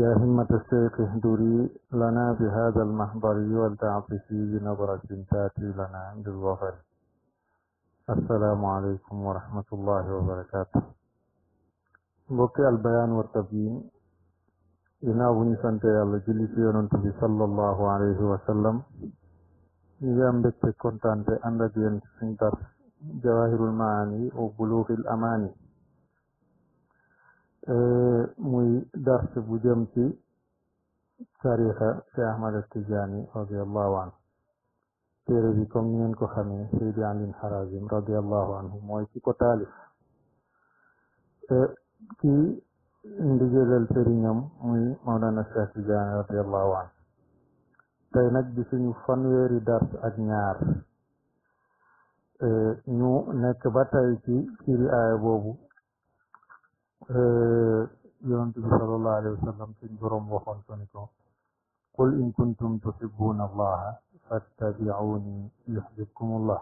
يا همة الشيخ اهدري لنا بهذا المحضر والتعطفي بنظرة تاتي لنا عند الظهر السلام عليكم ورحمة الله وبركاته بقى البيان والتبيين إنا ونسان تيال جلسي ونطبي صلى الله عليه وسلم نجام بك كنت أنت أنت جواهر المعاني وبلوغ الأماني Э, muy dars bu jëm ci tarixa Cheikh Ahmad Tijaani radiallahu anhu téere bi comme ni ngeen ko xamee Seydi Alin Harazim radiallahu anhu mooy ci ko taalif ci ndigalal sëriñam muy Mawlana Cheikh Tijaani radiallahu anhu tey nag bi suñu fanweeri dars ak ñaar ñu nekk ba tey ci firi aaya boobu يونتبي صلى الله عليه وسلم تنجرم وخلصنكو قل إن كنتم تحبون الله فاتبعوني يحبكم الله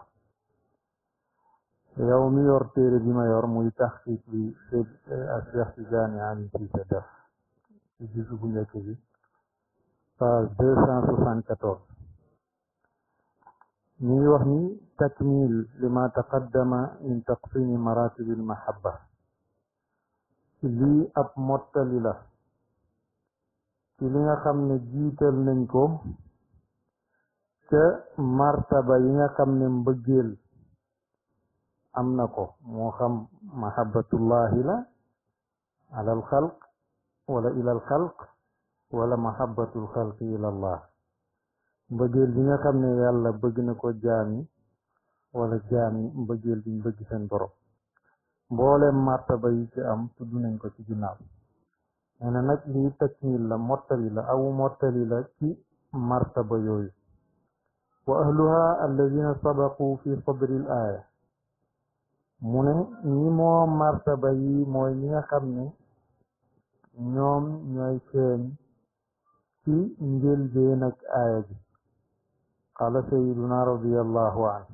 يوم يرتير بما يرمو يتخفيك لي أسلح تجاني عن في تدف يجيزه يكذي فاز 274 ني وحني تكميل لما تقدم من تقسيم مراتب المحبه ci lii ab mottali la ci li nga xam ne jiital nañ ko ca martaba yi nga xam ne mbëggeel am na ko moo xam mahabbatullahi la alal xalq wala ilal xalq wala mahabbatul xalqi ilallah mbëggeel bi nga xam ne yàlla bëgg na ko jaami wala jaami mbëggeel biñ bëgg seen borom mboolem martaba yi ci am tudd nañ ko ci ginnaaw nee na nag lii takmil la mottali la aw mottali la ci martaba yooyu wa ahluha alladina sabaqu fi sadri l mu ne ñi moo martaba yi mooy ñi nga xam ne ñoom ñooy feeñ ci njëlbeen ak aaya bi qala sayiduna radiallahu anhu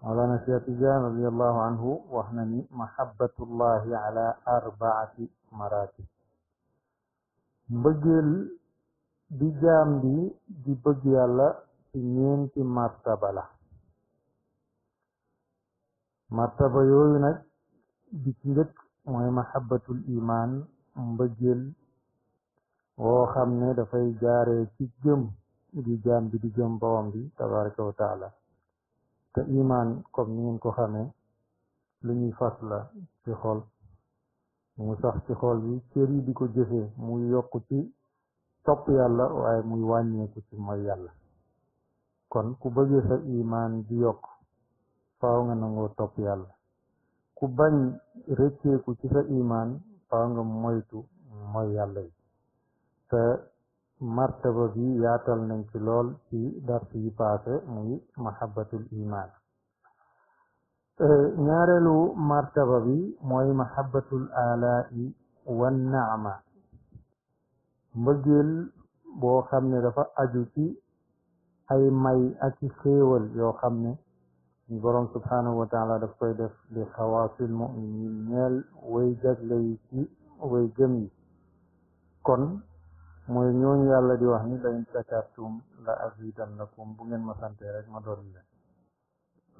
mawlana Cheikh Tidiane radiyallahu anhu wax na ni mahabbatullahi ala arbaati maratib mbëggeel bi jaam bi di bëgg yàlla ci ñeenti martaba la yooyu nag bi ci mooy mahabbatul iman mbëggeel woo xam ne dafay jaaree ci gëm di jaam bi di gëm bawam tabaraka wa taala te imaan comme ni ngeen ko xamee lu ñuy fas la ci xool mu sax ci xool yi cër di ko jëfee mu yokk ci topp yàlla waaye muy wàññeeku ci mooy kon ku bëggee sa imaan di yokk faaw nga nangoo topp yàlla ku bañ rëcceeku ci sa imaan faaw nga moytu mooy yàlla te martaba bi yaatal nañ ci lool ci dars yi paase muy mahabbatul iman eh, ñaareelu martaba bi mooy mahabbatul alaa'i wan naama mbëggeel boo xam ne dafa aju ci ay may ak ci yoo xam ne ñu boroom subhanahu wa taala daf koy def li xawaasil muminin ñeel way jagle yi ci way gëm kon mooy ñooñu yàlla di wax ni la in shakartum la azidannakum bu ngeen ma sante rek ma dolli leen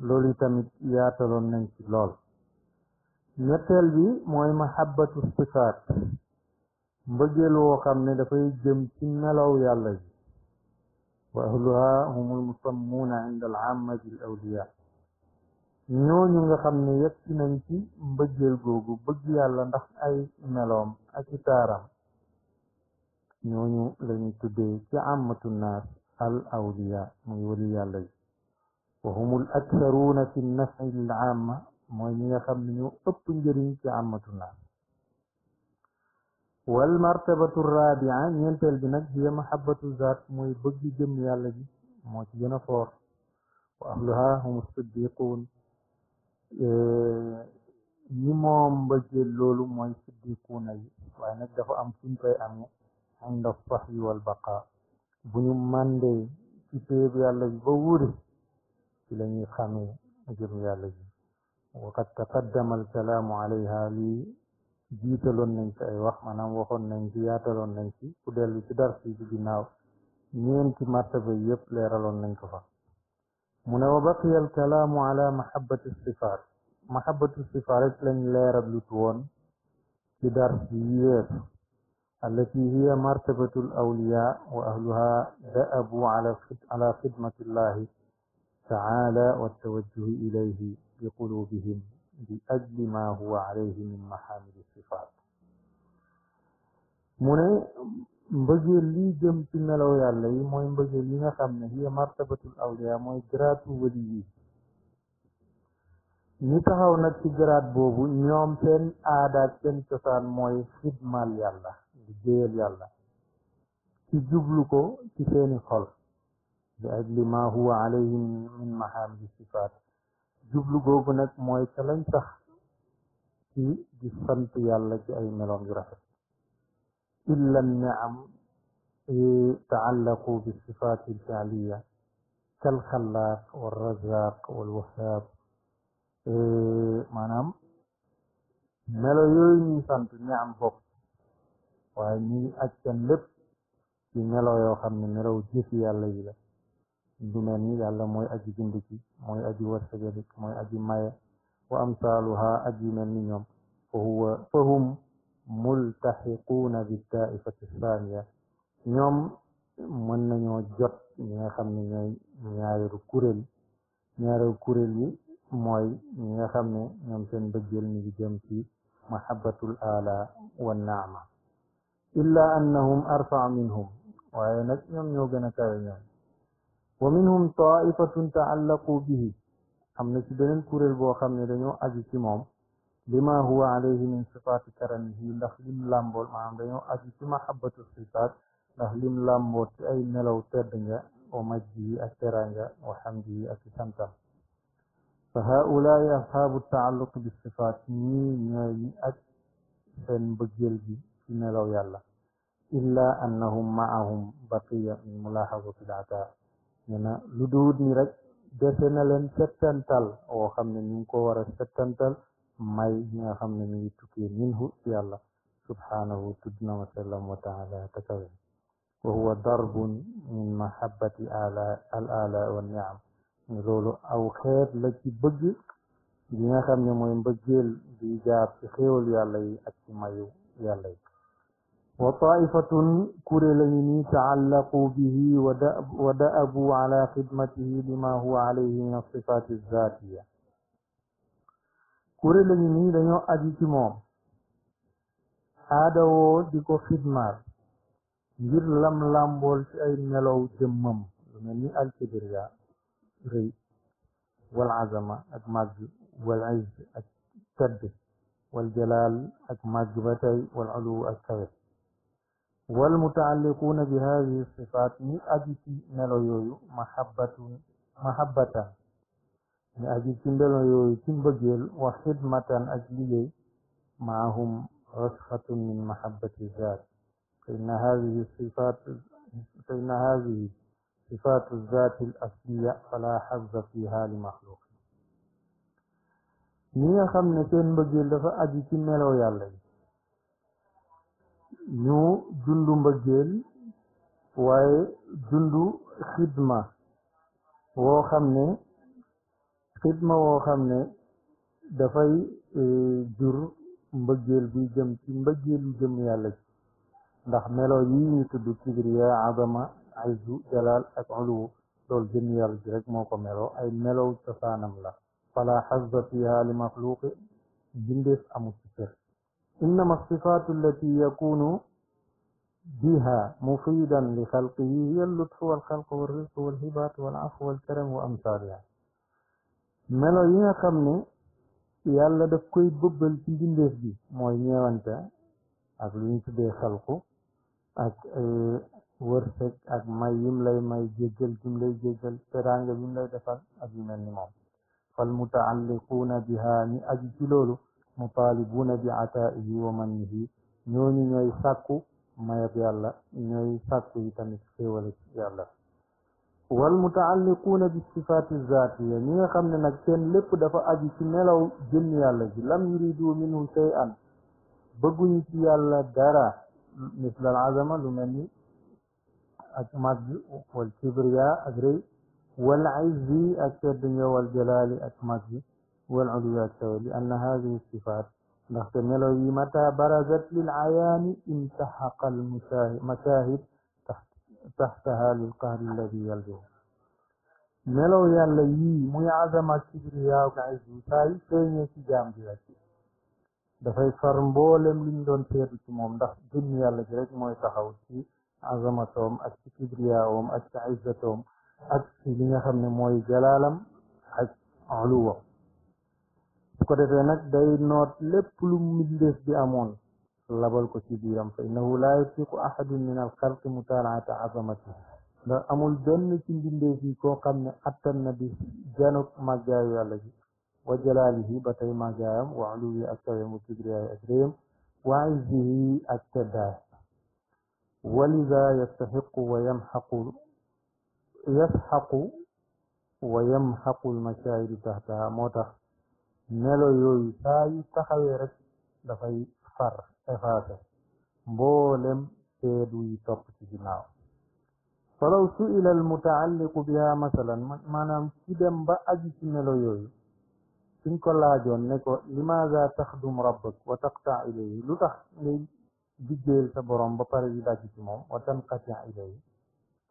loolu yi tamit yaataloon nañ ci lool ñetteel bi mooy mahabbatu sifaat mbëggeel woo xam ne dafay jëm ci melaw yàlla ji wa ahluha humul musammuuna inda al ammati al awliya ñooñu nga xam ne yegg nañ ci mbëggeel googu bëgg yàlla ndax ay meloom ak i taaram ñooñu lañu tuddee ci àmmatu naas al awliya muy wali yàlla yi wa humul aktharuuna fi nafi lil amma mooy ñi nga xam ne ñoo ëpp njëriñ ci àmmatu naas wal martabatu rabia ñeenteel bi nag hiya mahabatu zaat mooy bëgg jëm yàlla ji moo ci gën a foor wa ahluha humu siddiquun ñi moom mbëggeel loolu mooy siddiquuna yi waaye nag dafa am fuñ koy amee عند الصحي والبقاء بنيوم ماندي في تيب يالله بوري في لن يخامي أجر يالله وقد تقدم الكلام عليها لي جيتلون ننسي أي وخمنا وخون ننسي ياتلون ننسي كدل كدر في جناو نين كي مرتبة يب ليرلون ننكفا من وبقي الكلام على محبة الصفات محبة الصفات لن ليرب لتوان كدر في يب التي هي مرتبة الأولياء وأهلها ذأبوا على خدمة الله تعالى والتوجه إليه بقلوبهم لأجل ما هو عليه من محامد الصفات من بجي لي جم تنا لو يا لي مو بجي لي هي مرتبة الأولياء مو جرات ولي نتاها ونتي جرات بوبو نيوم سن آدات سن تسان مو خدمة الله دير يالله كي جبلوكو كي سيني خل لأجل ما هو عليه من محامد الصفات جبلوكو كنك موي تلن صح كي جسنت يالله كي أي ملون جرحب إلا النعم تعلقوا بالصفات الفعلية كالخلاق والرزاق والوهاب إيه ما نعم ملو يوين نعم فوق waaye ñu ngi aj seen melo yoo xam ne melaw jëfi yàlla yi la du mel ni yàlla mooy aji bind mooy aji wërsëgalik mooy aji maye wa amsaaluha aj yu mel ni ñoom fa huwa fa hum multaxiquuna bi taaifati saaniya ñoom mën nañoo jot ñi nga xam ne ñooy ñaareelu kuréel ñaareelu kuréel yi mooy ñi nga xam ne ñoom seen bëggeel mi ngi jëm ci mahabbatul wa naama إلا أنهم أرفع منهم ومنهم طائفة تعلقوا به خمنا سبنين كور البوا خمنا دنيو أجيسي موم لما هو عليه من صفات كرنه لخلم لامبول ما هم دنيو أجيسي حبة الصفات لخلم لامبول أي نلو تردنجا ومجيه أترانجا وحمده أتسانتا فهؤلاء أصحاب التعلق بالصفات ني ني أجسن بجلجي إن يلا إلا أنهم معهم بقية من ملاحظة الأعداء هنا لدود نرك دفن لن ستنتل أو خمنا ننكو ورا ستنتل ماي نيا خمنا نيتوكي منه يلا سبحانه تدنا وسلم وتعالى تكوين وهو ضرب من محبة آلاء الآلاء والنعم لولو أو خير لكي بجي li nga xamne moy mbeugel di jaar ci وطائفة كرلين تعلقوا به ودأبوا على خدمته بما هو عليه من الصفات الذاتية كرلين لنو أجتمام آدو ديكو خدمات جر لم لم بولش أي ملو جمم لمني الكبرياء ري والعظمة أكمل والعز التد والجلال أكمل والعلو أكبر والمتعلقون بهذه الصفات من أجل نلويو محبة محبة من أجل نلويو تنبجل وخدمة أجلية معهم رسخة من محبة الذات فإن هذه الصفات فإن هذه صفات الذات الأصلية فلا حظ فيها لمخلوق ñi nga xam ne seen mbëggeel ñu dundu mbëggeel waaye dundu xidma woo xam ne xidma woo xam ne dafay e, jur mbëggeel buy jëm ci mbëggeelu jëm yàlla ci ndax melo yi ñu tudd kibriya adama ayzu jalal ak uluw loolu jëm yàlla ji moo ko melo ay melow cosaanam la fala xazza fiha li maxluuqi bindeef amu إنما الصفات التي يكون بها مفيدا لخلقه هي اللطف والخلق والرزق والهبات والعفو والكرم وأمثالها ملايين خمنة يالله دف كوي ببل في جن ديف دي موينيا وانتا أقلون تبي خلقه أك ورثك أك ما يملاي ما يجيجل جملاي جيجل ترانجا جملاي دفع أبي من نمام فالمتعلقون بها من أجل mutaalibuna bi ataa'ihi wa mannihi ñooñu ñooy sàkku mayab yàlla ñooy sàkku yi tamit xéewale yàlla wal mutaalliquuna bi sifaati zaatiya ñi nga xam ne nag seen lépp dafa aju ci melaw jëm yàlla ji lam yuridu minhu shay'an bëgguñu ci yàlla dara misl al azama lu mel ni ak màgg wal kibriya ak rëy wal izzi ak tedd nga wal jalaali ak màgg والعلو لأن هذه الصفات نختم ملوي متى برزت للعيان انتحق المشاهد تحتها للقهر الذي يلجو ملو يلي مي عظم كبرياء وعزو تاي تيني في جام بلاتي دفعي فرمبولم لندن تيري تموم دخ جن يلي جريك مي تحاوتي عظمتهم أكي كبرياءهم أكي عزتهم أكي لنخمني مي جلالم أكي علوهم bu ko defee nag bi amoon labal ko ci biiram fa innahu laa yutiqu ahadun min al xalqi mutalaata azamati ndax amul benn ci mbindeef yi koo xam ne attan na di januk màggaayu yàlla ji wa jalaalihi ba tey màggaayam wa uluwi ak kawem wa kibriyaayu ak réyam wa izzihi ak wa yamxaqu yasxaqu wa yamxaqu almashaahidi taxtaha moo tax melo yooyu saa yu taxawee rek dafay far effacé mboolem seedu yi topp ci ginnaaw falaw suila almutaalliqu biha masalan maanaam ci dem ba aju ci melo yooyu suñ ko laajoon ne ko limaza taxdum rabbak wa taqta ilayhi lu tax ngay diggéel sa borom ba pare di dàcc ci moom wa tanqati ilayhi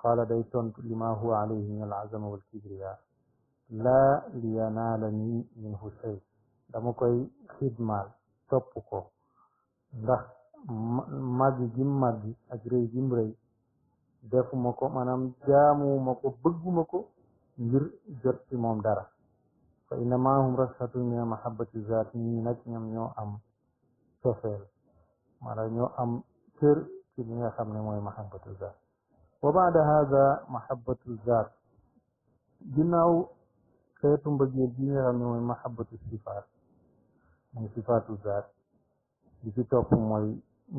qaala day tontu lima huwa alayhi min alazama walkibriya laa liyanaalani minhu shay dama koy xidmaal topp ko ndax màggi gim màggi ak rëy gim rëy defuma ko maanaam jaamuwuma ko bëgguma ko ngir jot ci moom dara fa inna maahum rasatu mina mahabbati zaat ñii nag ñoom ñoo am cofeel maanaam ñoo am cër ci li nga xam ne mooy mahabbatu zaat wa baada hada mahabbatu zaat ginnaaw xeetu mbëggeel gi nga xam ne mooy mahabbatu sifaat muy sifaatu zaat bi ci topp mooy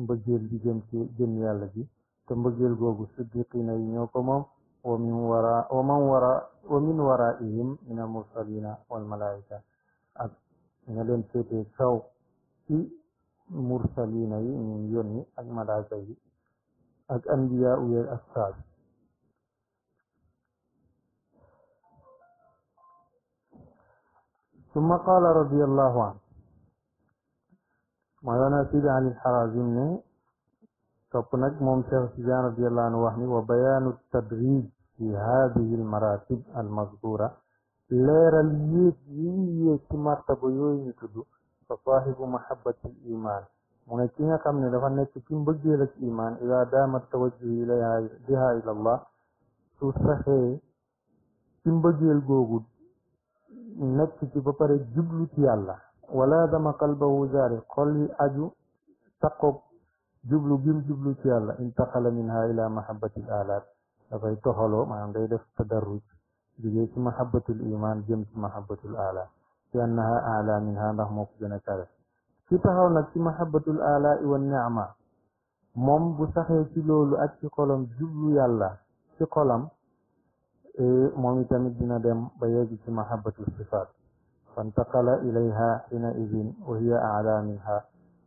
mbëggeel bi jëm ci jëm ji te mbëggeel googu siddiqina yi ñoo ko moom wa min wara wa min al mursalina wal malaika ak ña leen féete kaw ci mursalina yi ñun ak malaika ak anbiya uyeg ak saabi summa qaala radiallahu an mawlana sidi ali xarazim ne topp nag moom cheikh tidiane radiallahu anhu wax ni wa bayaanu tadrij fi hadihi al maratib al mazkura leeral yéeg yi yéeg ci martaba yooyu ñu tudd fa saahibu mahabati l iman mu ne ki nga xam ne dafa nekk ci mbëggeel ak iman ida daama tawajjuh ilayha biha ila allah su saxee ci mbëggeel googu nekk ci ba pare jublu ci yàlla wala dama qalbahu zaari xol yi aju taqoog jublu gim jublu ci yàlla intaqala minha ila mahabbatil alaat dafay toxaloo maanaam day def tadarruj jógee ci mahabbatul iman jëm ci mahabbatul ala ci annaha minha ndax moo ci taxaw nag ci mahabbatul ala wa ni'ma moom bu saxee ci loolu ak ci xolam jublu yàlla ci xolam eh, moom itamit dina dem ba yegg ci mahabbatul sifaat فانتقل إليها حينئذ وهي أعلى منها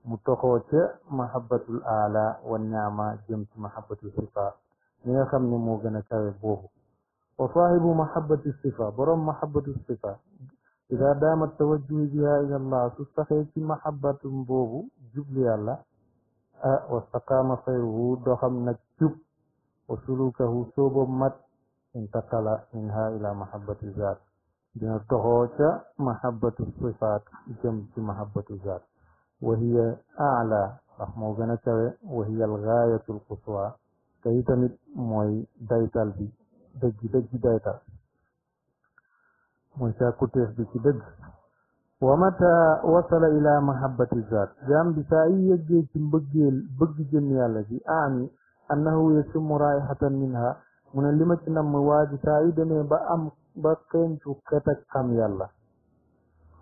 متخوش محبة الأعلى والنعمة جمت محبة الصفة من خم نمو غنا بوه وصاحب محبة الصفة برم محبة الصفة إذا دام التوجه بها إلى الله تستخيك محبة بوه جبل الله واستقام خيره دخم نجب وسلوكه صوب مت انتقل منها إلى محبة الذات dina toxoo ca mahabbatu sifaat jëm ci mahabbatu zaat wa hiya aala ndax moo gën a kawe wa hiya algaayatu alquswa te itamit mooy daytal bi dëggi dëggi daytal mooy càkkutéef bi ci dëgg wa mata wasala ila mahabbati zaat jaam bi saa yi yëggee ci mbëggeel bëgg jëm yàlla ji aami annahu yasimu raihatan minha mu ne li ma ci namm waa ji saa yi demee ba am bakkan cukkat ak xam yàlla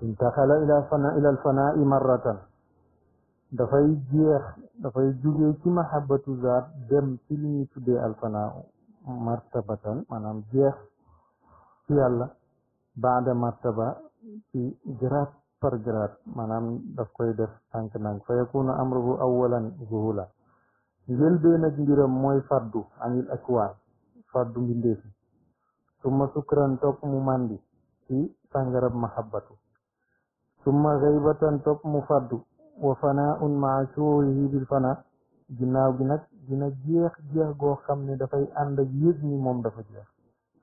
ila fana ila dafay jeex dafay ci li ñuy tuddee alfanaa martabatan maanaam jeex ci baada martaba ci grade par grade maanaam daf koy def tànk nang fa yakunu amruhu awalan zuhula njëlbeen ak mbiram mooy faddu anil akwaan faddu mbindeefi summa sukran topp mu mandi ci sangarab mahabbatu summa gaybatan topp mu faddu wa fanaun maa suurihi bil fana ginnaaw gi nag dina jeex jeex goo xam ne dafay ànd ak yëg ni moom dafa jeex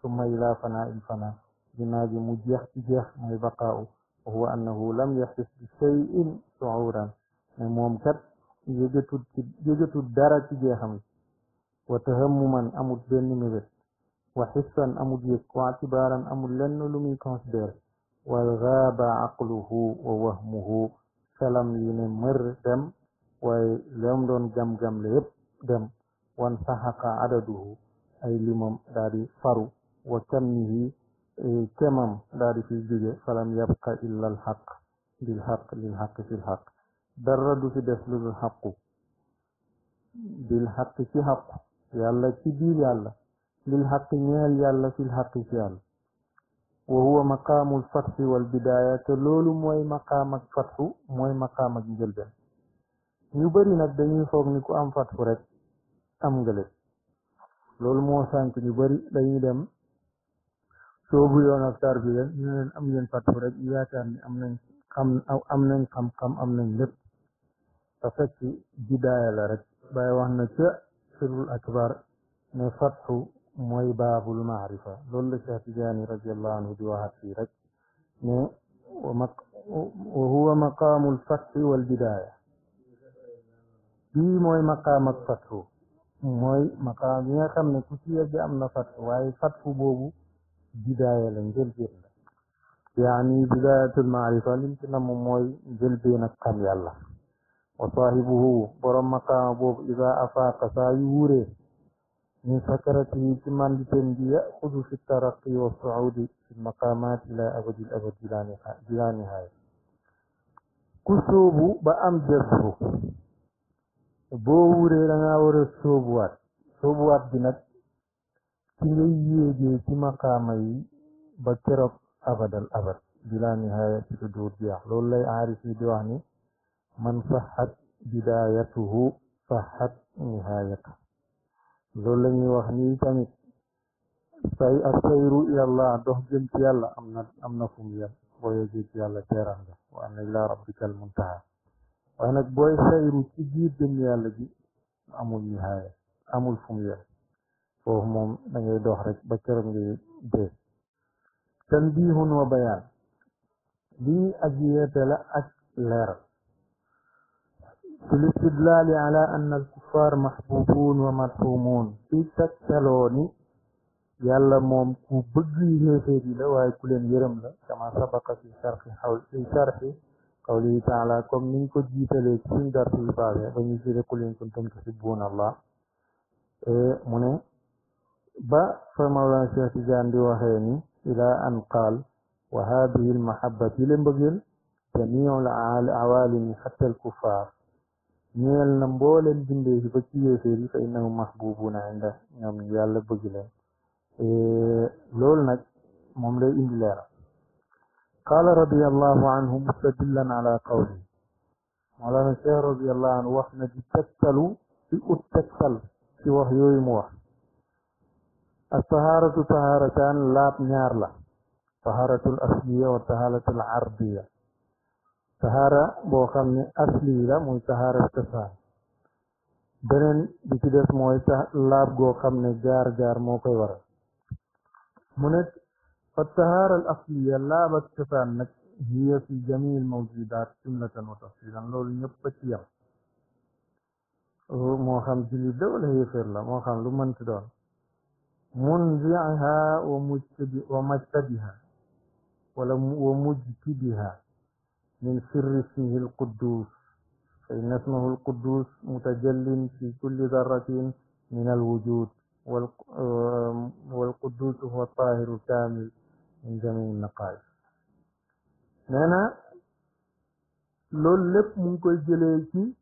summa ila fana il fana ginnaaw gi mu jeex ci jeex mooy baqaa'u wa huwa annahu lam yaxis bi shay'in suuran ne moom kat yëgatul ci yëgatul dara ci jeexam wa tahammuman amul benn mébét وحسا ديك واعتبارا أملن لمي كونسدر والغاب عقله ووهمه سلام لين مر دم ولم دون جم جم لب دم وانسحق عدده أي لمم داري فرو وكمه كمم داري في الجوجة فلم يبقى إلا الحق بالحق للحق في الحق درد في دسل الحق بالحق في حق يالله كبير دير يالله lil xaqi ñeel yàlla fil xaqi ci yàlla wa huwa maqaamul fatxi wal bidaaya te loolu mooy maqaam ak fatxu mooy maqaam ak njëlbeen ñu bari nag dañuy foog ni ku am fatxu rek am nga loolu moo sànq ñu bari dañuy dem soobu yoon ak tarbiya ñu leen am ngeen fatxu rek yaakaar ni am nañ xam am nañ xam am nañ lépp te fekk bidaaya la rek bàyyi wax na ca sirul akbar ne fatxu موي باب المعرفة لول شهتجاني رضي الله عنه دواها في رج وهو مقام الفتح والبداية بي موي مقام الفتح موي مقام يا خم نكتي يجي أمنا فتح واي فتح بوبو بداية لنجل بيرنا يعني بداية المعرفة لنجل موي جل بينا كم الله وصاحبه برم مقام بوب إذا أفاق سايوره min sakaratihi ci manditeem gi yaxudu fi taraqi wa saudi fi maqamat ila abadil abad bila nihaaya ku sóobu ba am jazbu boo wuree da ngaa war a sóobuwaat sóobuwaat bi nag ci ngay yéegee ci maqaama yi ba keroog abadal abad bila nihaaya ci duur jeex loolu lay aarif yi di wax ni man saxat bidayatuhu saxat nihaayatu loolu la wax nii tamit say ak sayru ilallah dox jëm yàlla am na am na fu mu yem yàlla teeral nga wa anna ilaa rabbikal muntaha waaye nag booy sayru ci biir jëm yàlla ji amul nihaaya amul fu mu foofu moom da ngay dox rek ba këram ngay dee tanbihun wa bayaan lii ak yeete la ak leeral في الاستدلال على أن الكفار محبوبون ومرحومون في تكتلوني يلا موم كو بغي نيفيدي لا واي كولين يرم لا كما سبق في شرح حول في شرح قوله تعالى كم من كو جيتالي سين في الباب بني سير كولين كنتم تحبون الله ا إيه، مون با فما لا شيخ جاندي وخيني الى ان قال وهذه المحبه لمبغيل جميع العوالم حتى الكفار ñeel na mbooleen bindee fi ba ci yéeféer yi fa innahum mahbubuna inda ñoom yàlla bëgg leen loolu nag moom lay indi leeral qaala radiallahu anhu mustadillan ala qawli moolana cheikh radiallahu anhu wax na di tegtalu di ut tegtal ci wax yooyu mu wax altahaaratu tahaarataan laab ñaar la tahaaratul asliya wa tahaaratul ardiya سهارة بوخم أصلي لا موي سهارة كسار بنن بكدس موي لاب بوخم جار جار موكي ورا منت فالسهارة الأصلية لا بس هي في جميع الموجودات جملة وتفصيلا لو لن يبقى يوم موخم جلي دولة هي خير لا موخام لمن تدور منزعها ومجتبها ولم ومجتبها من سر اسمه القدوس فإن اسمه القدوس متجل في كل ذرة من الوجود والقدوس هو الطاهر الكامل من جميع النقائص نانا لول لب ممكن جليكي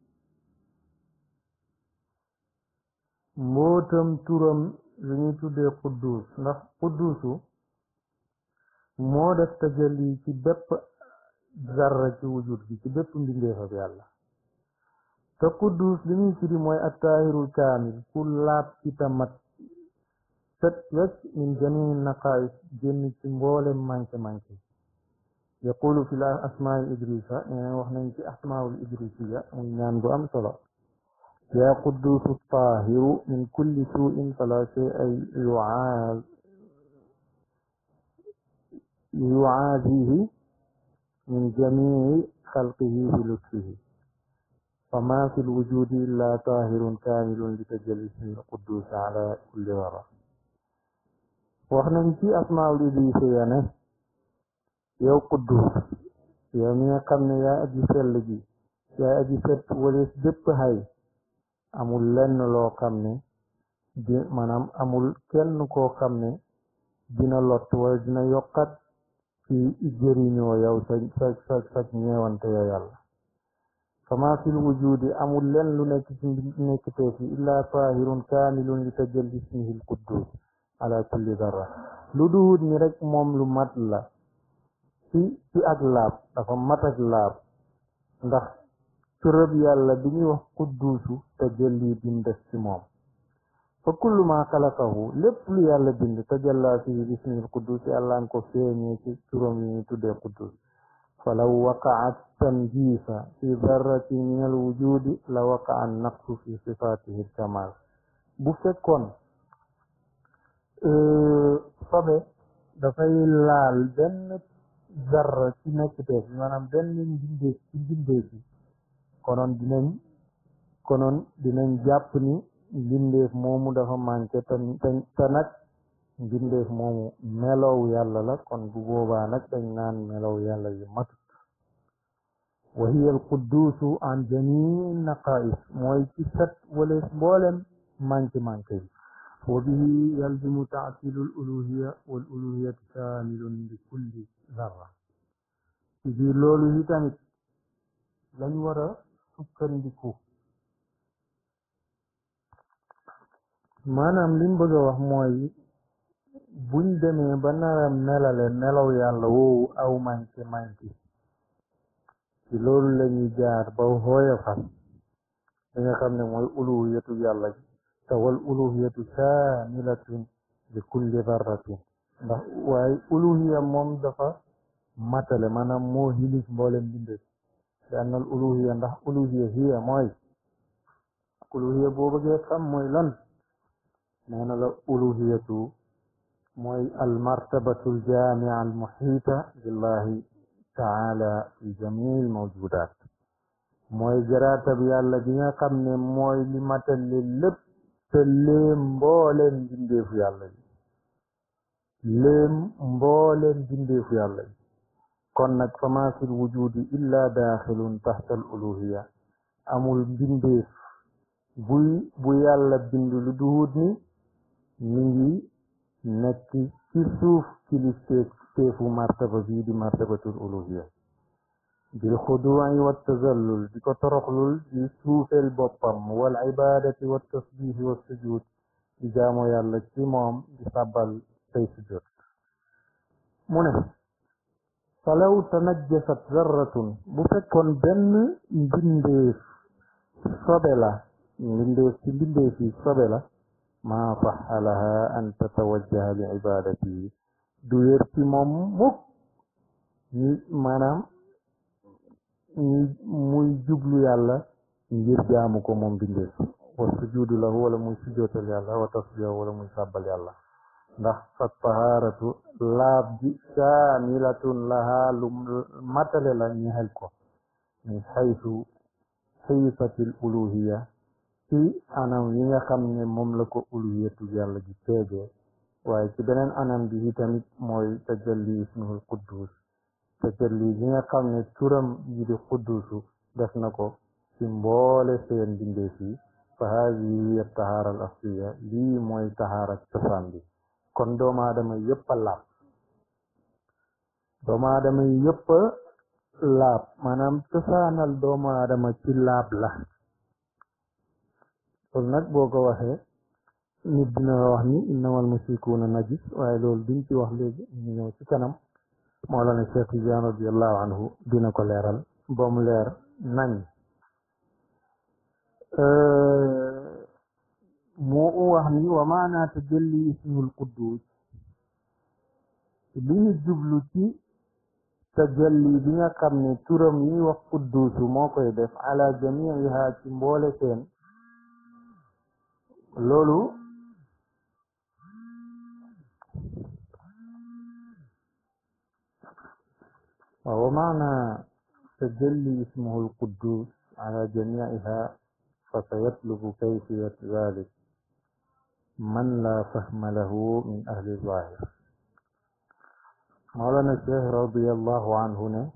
موتم ترم li ñuy قدوس نخ ndax quddusu moo def tajalli dara ci wujud bi ci bépp mbindeefab yàlla te kuddus li muy firi mooy attaahirul kaamil ku laab ci tamat set wecc min jamii naqaais génn ci mboolem manqué manqué yaqulu fi la asmaai idrisa neen wax nañ ci asmaul idrisiya muy ñaan gu am solo yaa quddusu taahiru min kulli suuin fala shay'a yuaazihi من جميع خلقه بلطفه فما في الوجود إلا طاهر كامل لتجلسه القدوس على كل ورى wax nañ ci asmaul iblis ya ne yow quddus yow mi nga ne yaa aji sell yaa aji set walees bépp amul lenn loo xam ne di maanaam amul kenn koo xam ne dina lott dina yokkat ci jëriñoo yow sa sa sa sa ñeewante yow yàlla fama fil amul len lu nekk ci nekkitee fi illaa taahirun kaamilun li tajalli ismihil quddus ala kulli dara lu duhut ni rek moom lu mat la ci ak laab dafa mat ak laab ndax turab yàlla bi ñuy wax qudduusu tajalli bi ci moom fa kullu ma xalaqahu lépp lu yàlla bind tajalla fi bismil quddus yàlla ko feeñee ci turam yi ñu tuddee fa law waqaat tanjiisa fi darrati min al wujudi la waqaa naqsu fi sifatihi al kamal bu fekkoon e, sobe dafay laal benn zarra ci nekkiteef bi maanaam benn mbindeef ci mbindeef yi konoon dinañ konoon ni mbindeef moomu dafa manqué te te nag mbindeef moomu melow yàlla la kon bu boobaa nag naan melow yàlla yu matut wa hiya al qudduusu an jamii naqais mooy ci set mboolem manqué manqué wa bihi yalzimu taatilu al uluhiya wal uluhiyatu saamilun bi kulli zarra ci loolu yi tamit lañ war a sukkandiku maanaam li mu bëgg wax mooy buñ demee ba naram melale nelaw yàlla woowu aw manki manki ci loolu lañuy jaar ba hooyafal li nga xam ne mooy uluhiyatu yàlla ji te wal uluhiyatu saamilatun li kulli darratin ndax waaye uluhiya moom dafa matale maanaam moo xilis mboolem bindee te annal uluhiya ndax uluhiya hiya mooy uluhiya boo bëggee xam mooy lan nee na la uluhiyatu mooy almartabatu aljaamia almuxiita billahi taala fi jamii almawjudat mooy garaatab yàlla bi nga xam ne mooy li matale lépp te léem mbooleem mbindeefu yàlla yi léem mbooleem mbindeefu yàlla yi kon nag fama fil wujudi illa daaxilun taxta al uluhiya amul mbindeef buy bu yàlla bind lu duhut ni ñu ngi nekk ci suuf kilifteefu martaba bii di martabatul uluhiyya bil xuduwaay wa tazallul di ko toroxlul di suufeel boppam wal ibaadati wa tasbihi wa sujud di jaamo yàlla ci moom di sàbbal tay sujud mu ne falaw tanajjasat zarratun bu fekkoon benn mbindeef sobe la mbindeef ci mbindeef maa faxalaha an tatawajjaha li ibadati du wér ci moom mukk ñi maanaam ñi muy jublu yàlla ngir jaamu ko moom bindeef wa sujudu lahu wala muy sujootal yàlla wa tasbiha wala muy sàbbal yàlla ndax fa taharatu laab ji kaamilatun laha lu matale la ñexel ko min xaytu xiifatil uluhiya ci anam yi nga xam ne moom la ko ul wetu yàlla ji peege waaye ci beneen anam bi yi tamit mooy tajalli ismuhul quddus tajalli yi nga xam ne turam yi di quddusu def na ko ci mboole seen bindee fi fa haadi yet tahaara al asliya lii mooy tahaara cosaan bi kon doomu aadama yëpp a laab doomu aadama yëpp laab maanaam cosaanal doomu aadama ci laab la loolu nag boo ko waxee nit dina wax ni innamal mushrikuuna najis waaye loolu duñ ci wax léegi ñu ñëw ci kanam Mawlana Cheikh Tidiane radiallahu anhu dina ko leeral ba mu leer nañ wax ni wa maanaa tajalli ismul quddus li ñu tajalli bi nga xam turam yi wax quddusu moo koy def ala jamiiha ci mboole لولو وهو معنى تجلي اسمه القدوس على جميعها فسيطلب كيفية ذلك من لا فهم له من أهل الظاهر مولانا الشيخ رضي الله عنه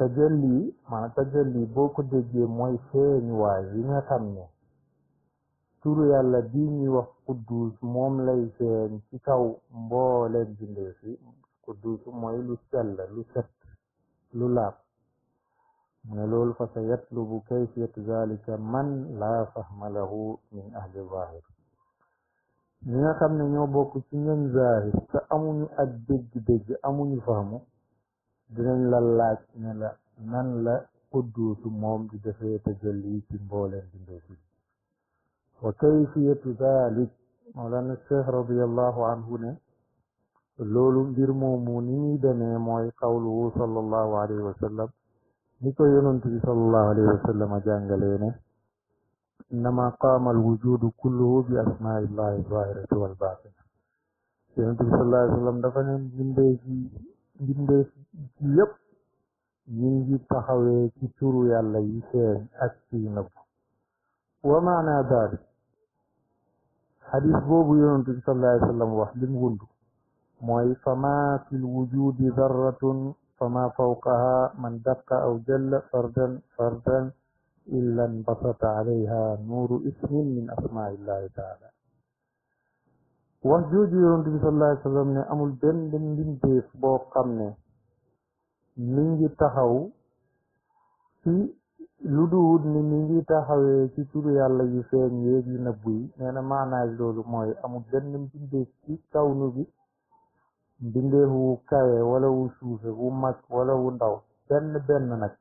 tajalli maanaam tajalli boo ko déggee mooy feeñuwaay yi nga xam ne turu yàlla bi ñuy wax quddus moom lay feeñ ci kaw mbooleem bindee fi quddus mooy lu sell lu set lu laab mu ne loolu fa sa yatlubu kayfiyat zalika man laa fahma lahu min ahli zahir nga xam ne ñoo bokk ci ñoñ zahir te amuñu ak dégg-dégg amuñu fahmu dinañ la laaj ne la nan la qudduusu moom di defee tajalli ci mbooleen di ndefi wa kayfiyatu dalik moolana cheikh loolu mbir moomu ni demee mooy qawluhu sallallahu alayhi wa sallam ni ko yonent bi sallallahu alayhi wa sallam jàngalee ne innama qaama alwujudu kulluhu bi asmaillahi zahirati walbatina yonent bi sallallahu alayhi wa mbindeef yépp ñi ngi taxawee ci turu yàlla yi feeñ ak ciy nëbb wa maana daalik xadis boobu yonentu bi sallallahu alayhi wa sallam wax li mu wund mooy fama fi lwujudi darratun fama fawqaha man daqa aw jalla fardan fardan illa nbasata alayha nuuru ismin min asmaillahi taala wax jooju yonent bi sallallahu alayhi wa sallam ne amul benn mbindeef boo xam ne mi ngi taxaw ci lu duwut ni mi ngi taxawee ci turu yàlla yu feeñ yéeg yi nee na maanaay loolu mooy amul benn mbindeef ci kawnu gi mbindeef wu kawe wala wu suufe wu mag wala wu ndaw benn benn nag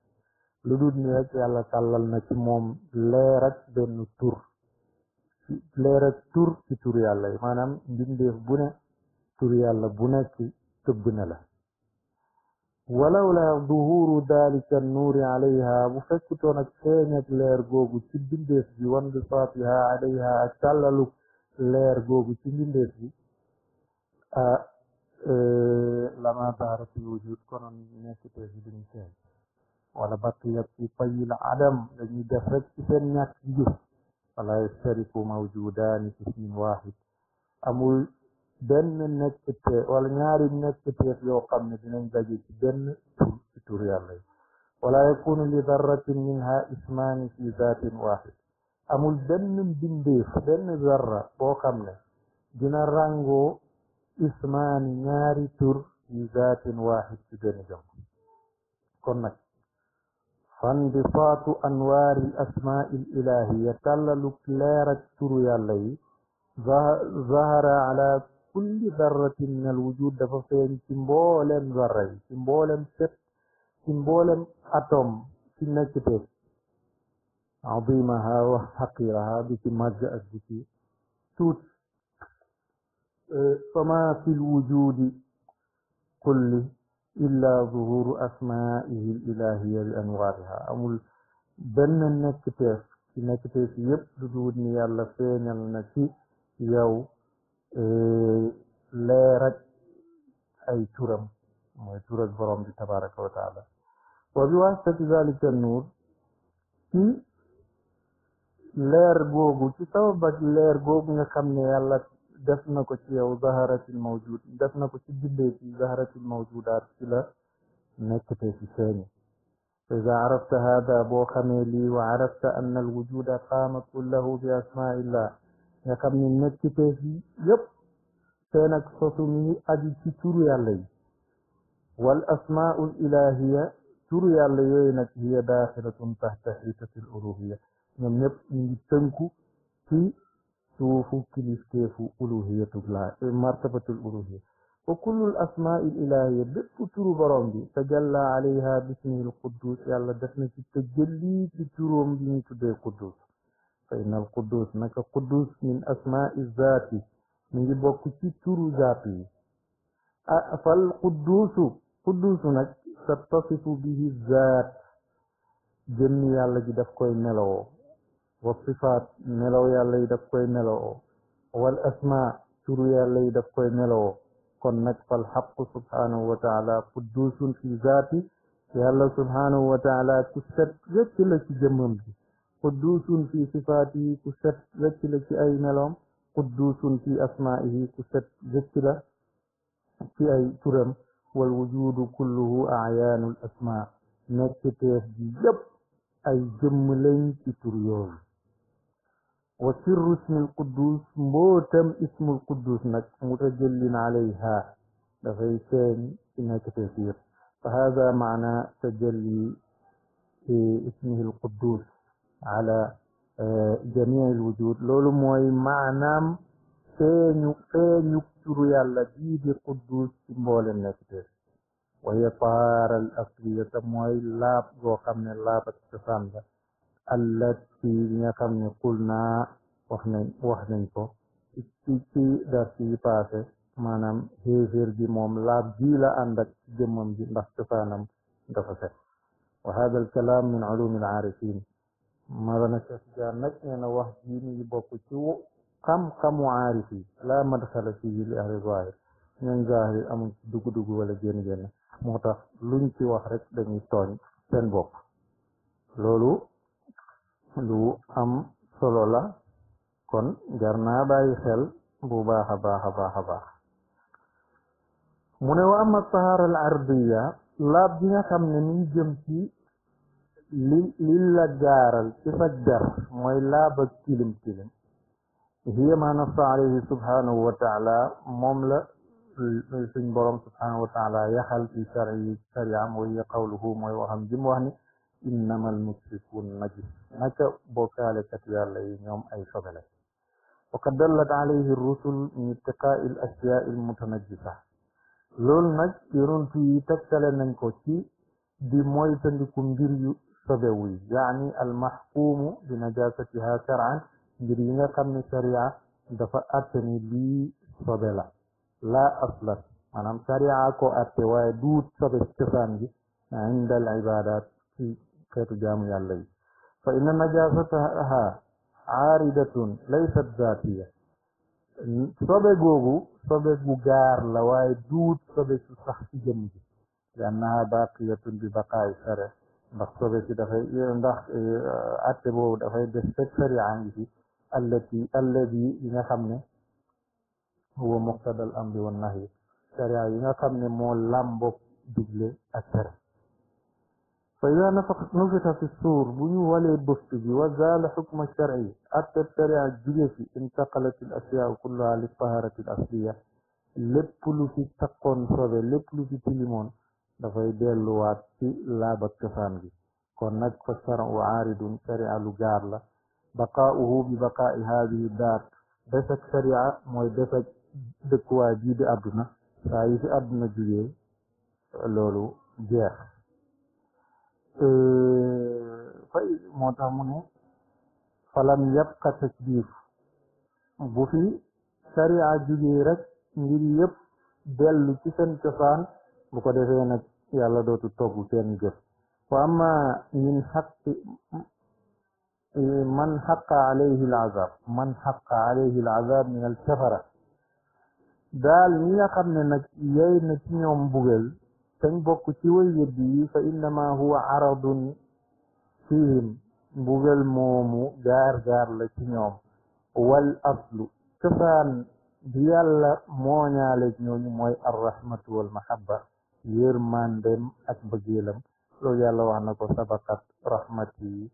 lu ni rek yàlla tàllal na ci moom leer benn tur ci leer ak tur ci tur yàlla yi maanaam mbindeef bu ne tur yàlla bu nekk tëbb na la walawlaa duhuru dalika nuuri alayha bu fekkutoon ak feeñak leer googu ci mbindeef bi wandi saatiha alayha ak tàllaluk leer googu ci mbindeef bi ah lama daara fi wujud konoon nekkitee fi wala batt yag payil adam dañuy def rek ci seen ñàkk fala yashtariku mawjudaani ci siin waaxid amul benn nekkte wala ñaari nekkteef yoo xam ne dinañ daje ci benn tur ci tur yàlla yi wala yakunu li darratin minha ismaani fi zaatin waaxid amul benn mbindeef benn zarra boo xam ne dina ràngoo ismaani ñaari tur fi zaatin waaxid ci benn jëm kon nag فانبساط انوار الاسماء الالهيه تلل كلار التريالي ظهر على كل ذرة من الوجود دفا فين سيمبولم ذرة سيمبولم سيت سيمبولم اتوم في نكتب عظيمها وحقيرها بكي مجأت بكي توت أه، فما في الوجود كله illaa zuhuru asmaihi l ilahiya bi anwaariha amul benn nekk teef ci nekk teef yépp lu duwut ni yàlla feeñal na ci yow e, leer ak ay turam mooy tur ak borom bi tabaraka wa taala wa bi wasitati zalika nuur ci leer googu ci sabab ak leer googu nga xam ne yàlla دفن کوچی او ظاهرت موجود دفن کوچی دبی فی ظاهرت موجود در سلا نکته سیسانی فإذا عرفت هذا أبو خميلي وعرفت أن الوجود قام كله بأسماء الله يقام من نتكته يب سينك صوتمي أدي تتوري علي والأسماء الإلهية توري علي وينك هي داخلة تحت حيثة الألوهية يم يب من تنكو في توفو كليستيفو ألوهية تبلا مرتبة الألوهية وكل الأسماء الإلهية بيب تورو تجلى عليها باسمه القدوس يالا دفن في تجلي في تورو بني تدي قدوس فإن القدوس نك قدوس من أسماء الذات من يبوك في تورو ذاتي فالقدوس قدوس نك تتصف به الذات جمي يالا جدف كوي ملو والصفات ملو يا الله يدكوي ملو والأسماء شرو يا الله يدكوي ملو كنك الحق سبحانه وتعالى قدوس في ذاته يا الله سبحانه وتعالى كسر رتلك جمم قدوس في صفاته كسر رتلك أي ملوم قدوس في أسمائه كسر رتل في أي ترم والوجود كله أعيان الأسماء نكتب جب أي جملين في تريوم وسر اسم القدوس موتم اسم القدوس متجل عليها لغيتان إنك تسير فهذا معنى تجلي في اسمه القدوس على آه، جميع الوجود لولو موي معنى تانيو تانيو كتر يا الذي بقدوس مول النكتر وهي طهارة الأصلية موي لاب جو خمن لاب التسامدة allati nga xam ne xul naa wax nañ wax nañ ko ci ci dar ci passé maanaam xéeféer gi moom laab ji la ànd ak jëmmam ji ndax cosaanam dafa set wa hada al kalaam min ulumi al aarifin malana Cheikh Tidiane nag nee na wax ji mi ngi bokk ci xam-xamu aarif yi laa madxala fii li ahli zahir ñooñ zahir amul dugg-dugg wala génn-génn moo tax luñ ci wax rek dañuy tooñ seen bokk loolu lu am solo la kon jar naa bàyyi xel bu baax a baax a baax a baax mu ne wa ama tahaara al ardiya laab gi xam ne mi jëm ci li li la gaaral ci mooy laab ak tilim tilim hiya ma nassa alayhi subhanahu wa taala moom la suñ borom subhanahu wa taala yaxal fi shari shariam wa hiya qawluhu mooy waxam jim wax ni انما المشركون نجس نك بوكالة تتوالا يوم اي وقد دلت عليه الرسل من اتقاء الاشياء المتنجسة لول نج يرون في تكتل ننكوشي دي مويتا دي كمبير صدوي يعني المحكوم بنجاستها شرعا جرينا قمن شريعة دفع بي صدلا لا أصلا أنا شريعة كو دوت دود صدس عند العبادات xeetu jaamu yàlla yi fa inna najasataha aaridatun laysat zaatiya sobe googu sobe gu la waaye duut sobe su sax ci jëmm ji li annaha baqiyatun bi baqaayi sare ndax sobe ci dafay ndax eh, atte boobu dafay des fekk sariya ngi ci allati alladi yi nga xam ne huwa muqtada al amri wan nahyi sariya yi nga xam ne moo làmboog digle fa ida nafaq nufixa fi suur bu ñu walee bëft bi wa zaala xukma sharci atte sharia juge fi intaqalat al asiyaa kulluha li taharati al asliya lépp lu fi taqoon sobe lépp lu fi tilimoon dafay delluwaat ci laab ak cosaan gi kon nag fa sharcu aaridun sharia lu gaar la baqaauhu bi baqaai haadihi daar des ak sharia mooy des ak dëkkuwaay bii di àdduna saa yi fi àdduna jugee loolu jeex Euh, fa moo tax mu ne falam yabqa tasbih bu fi sariya jugee rek ngir yëpp dellu ci seen cosaan bu ko defee nag yàlla dootu topp seen jëf wa amma min xaqi man xaqa alayhi alazab man xaqa alayhi alazab min alkafara daal ñi nga xam ne nag yey na ci ñoom bugal dañ bokk ci way weddi yi fa innama huwa aradun fihim mbugal moomu gaar-gaar la ci ñoom wal aslu cosaan bi yàlla mooñaaleeg ñooñu mooy arrahmatu wal mahabba yërmandem ak bëggeelam loolu yàlla wax na ko sabaqat rahmati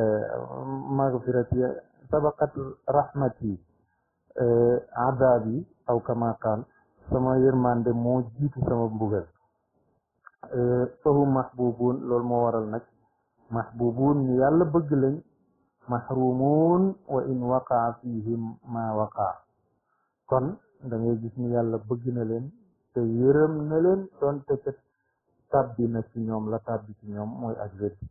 eh, magfirati sabaqat rahmati eh, adabi aw kama qaal sama yërmande moo jiitu sama mbugal Euh, fahum mahbubuun lool moo waral nag mahbubuun ñu yàlla bëgg lañ mahrumun wa in waqaa fihim ma waqaa kon da gis ni yàlla bëgg na leen te yërëm na leen doonte kat tàbbi na ci ñoom la tàbbi ci ñoom mooy ak weddi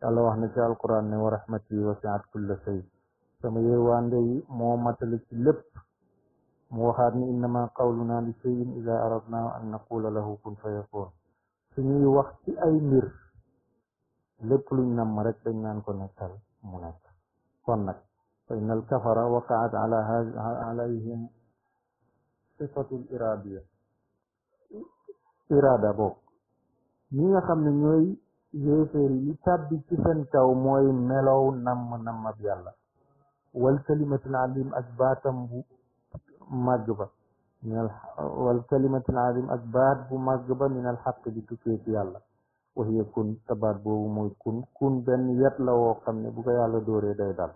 yàlla wax na ci alquran ne wa rahmati wasi'at kulla shay sama yërwaande yi moo matale ci lépp mu waxaat ni innama qawluna li shay'in ida aradnaahu an naqula lahu kun fayakun suñuy wax ci ay mbir lépp luñ namm rek dañ naan ko nekkal mu nekk kon nag fa in alkafara waqaat ala alayhim sifatu l iradiya irada boobu ñi nga xam ne ñooy yéeféer yi li tàbbi ci seen kaw mooy melow namm nammab yàlla wal kalimatul alim ak baatam bu màgg ba من الح... والكلمة العظيم أكبر بمجبة من الحق بتوكي في الله وهي كن تبار بومي كن كن بن يطلع وقم نبقى على دوري دايدال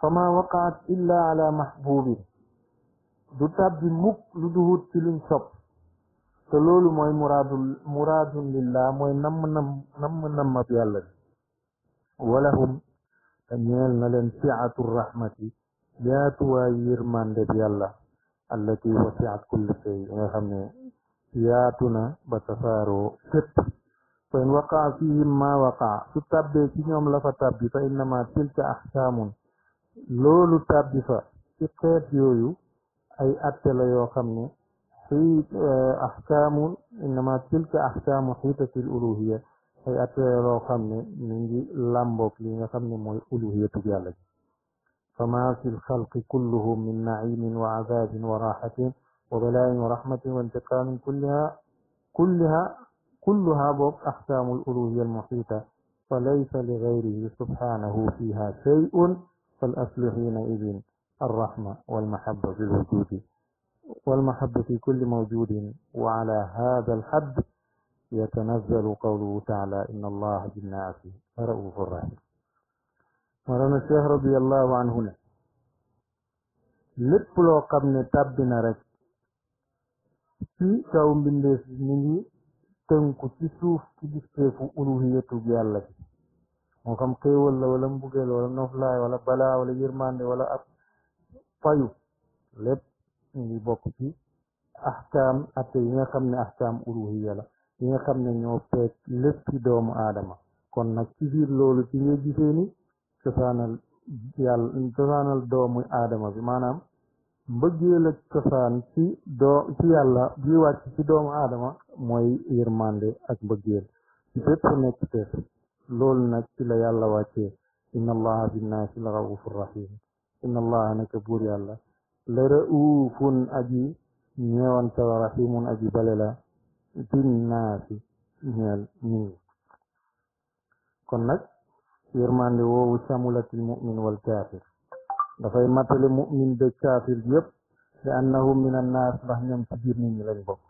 فما وقعت إلا على محبوب دوتاب دي مك لدهور تلين شب تلول موي مراد مراد لله موي نم نم نم نم في الله ولهم أن يلنا لنسعة الرحمة ياتوا يرمان دي الله allati wasiat kulli shay nga xam ne yaatu na ba tasaaroo fépp fa in waqaa fihim ma waqaa su tàbbee ci ñoom la fa tàbbi fa innama tilka ahkaamun loolu tàbbi fa ci xeet yooyu ay atte la yoo xam ne xii eh, ahkaamu innama tilka ahkaamu uluhiya ay atte la yoo xam ne mi ngi làmboog nga xam ni mooy uluhiyatug yàlla فما في الخلق كله من نعيم وعذاب وراحة وبلاء ورحمة وانتقام كلها كلها كلها بوب أحكام الألوهية المحيطة فليس لغيره سبحانه فيها شيء فالأصل حينئذ الرحمة والمحبة في الوجود والمحبة في كل موجود وعلى هذا الحد يتنزل قوله تعالى إن الله بالناس رؤوف رحيم warano cheikh radiallahu anhu ne lépp loo xam ne tabbina rek ci kaw mbindeef mi ngi tënku ci suuf ci gisteefu uluhiyatug yàlla bi moo xam xéewal la wala mbugeel wala noflaay wala balaa wala yërmande wala ak fayu lépp mi ngi bokk ci ahkaam ate yi nga xam ne ahkaam uluhiya la yi nga xam ne ñoo peeg lépp ci doomu aadama kon nag ci biir loolu ci ngay gisee ni cosaanal yàlla cosaanal doomu aadama bi maanaam mbëggeel ak cosaan ci doo ci yàlla bi wàcc ci doom aadama mooy yërmande ak mbëggeel ci bépp nekk teef loolu nag ci la yàlla wàccee inna allaha la raufur rahim inna allaha naka buur yàlla la raufun aji ñeewante la rahimun aji bale la binnaasi ñeel nit kon يرمان لي وو شاملة المؤمن والكافر دا فاي ماتل مؤمن دي كافر ديب لأنه من الناس بحنم تجيرني ملين بوك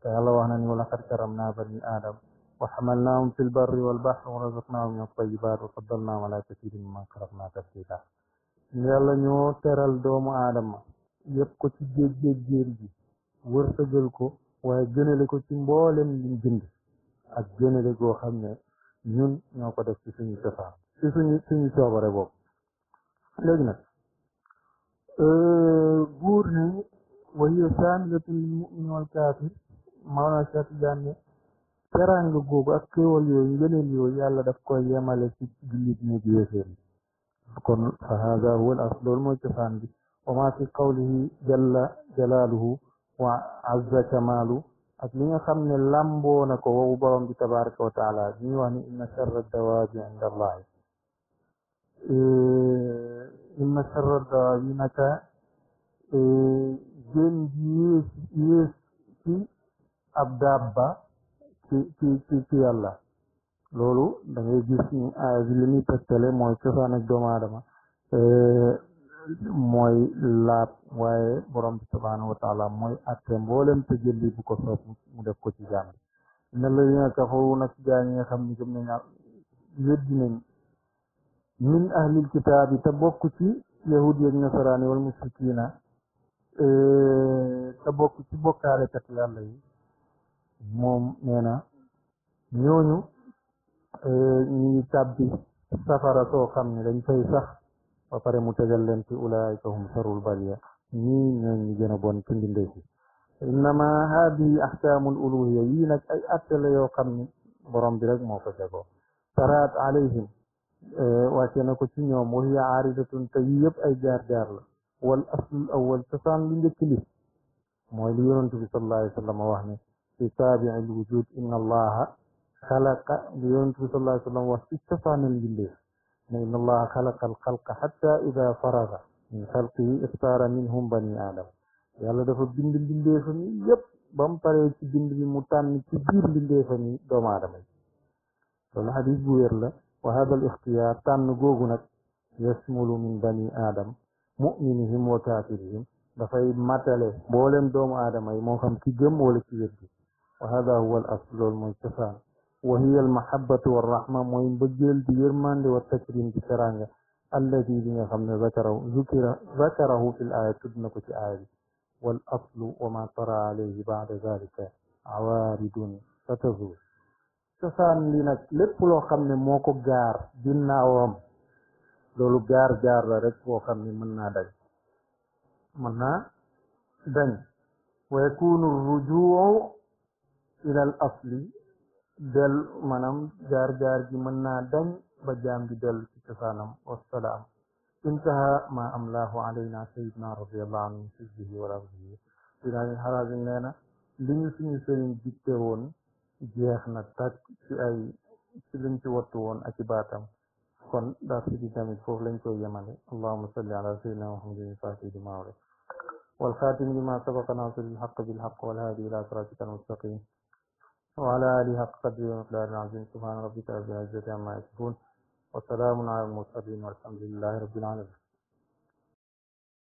فهي الله وحنا نيو لقد كرمنا بني آدم وحملناهم في البر والبحر ورزقناهم من الطيبات وفضلناهم على كثير مما كرمنا تفسيرا يلا نيو ترال دوم آدم يب كو تي جيج جيج جير جي ورتجل كو واي جنالي كو تي مبولم جند ak gënalé go xamné ñun ñoo ko def ci suñu cosaan ci suñu suñu coobare boobu léegi nag buur euh, ne wa hiya saamilatul mu'min wal kaafir maanaam Cheikh Tidiane teraanga googu ak xéewal yooyu ngëneel yooyu yàlla def koy yemale ci jullit ñi ak yéeféer kon fa haada huwa al loolu mooy cosaan bi wa maa fi qawlihi jalla jalaaluhu wa azza kamaalu ak li nga xam ne làmboo na ko wowu borom tabaraka wa taala bi wax ni inna charra dawaabi inna charra dawaabi naka gën gi yées yées ci ab dabba ci ci ci ci loolu da ngay gis ni aaya bi li muy mooy cosaan ak doomu aadama mooy laa waaye borom bi subhaanahu wa taala mooy atte mboolem te jëlli bu ko soob mu def ko ci jaam bi ne la dina kafaru nag gaa ñi nga xam ni gëm nañ weddi nañ min ahlil kitaab te bokk ci yahud yeeg nasaraan yi wal te bokk ci bokkaalekat yàlla moom nee na ñooñu eh, ñu ngi safara soo xam ne dañ fay sax فطري متجلن في أولئك هم شر البرية مين نجينا بون كندين ديسي إنما هذه أحكام الألوهية ينك أي أتل يوقم برام برق موفشاكو ترات عليهم واتينا كتنيوم وهي عارضة تييب أي جار جار والأصل الأول تسان لنجك ليه مولين تبي صلى الله عليه وسلم وحني في تابع الوجود إن الله خلق ليون صلى الله عليه وسلم وحني تسان لنجك ليه إن الله خلق الخلق حتى إذا فرغ من خلقه اختار منهم بني آدم يلا دفع بند بند فمي يب بام باري سي بند بي موتان سي بند فمي دوم آدم الحديث بوير لا وهذا الاختيار تان غوغو نك من بني آدم مؤمنهم وكافرهم دا فاي ماتالي بولم دوم آدم مو خم سي جيم ولا سي وهذا هو الاصل المنتفع وهي المحبة والرحمة مهم بجيل ديرمان دي والتكريم دي كرانجا الذي دي نخمنا ذكره ذكر ذكره في الآية تدنك في آية والأصل وما ترى عليه بعد ذلك عوارد ستزول تسان لنك لبلو خمنا موكو جار دينا وهم لولو جار جار لرك وخمنا منا دج منا دج ويكون الرجوع إلى الأصل del maanaam jaar-jaar gi mën naa dañ ba jaam gi dellu ci cosaanam wassalaam intaha ma amlaahu alayna sayidna radiallahu anhu sujbihi wa rabbihi dinaañu xaraasin nee na li ñu suñu sëriñ dicté woon jeex na tàkk ci ay ci liñ ci wattu woon ak i baatam kon dars bi tamit foofu lañ koy yemale allahuma salli ala sayidina muhammadin fatih di maawre والخاتم لما سبق ناصر الحق بالحق والهادي إلى صراطك المستقيم وعلى آله حق قدره ومقدار العظيم سبحان ربك رب العزة عما يصفون وسلام على المرسلين والحمد لله رب العالمين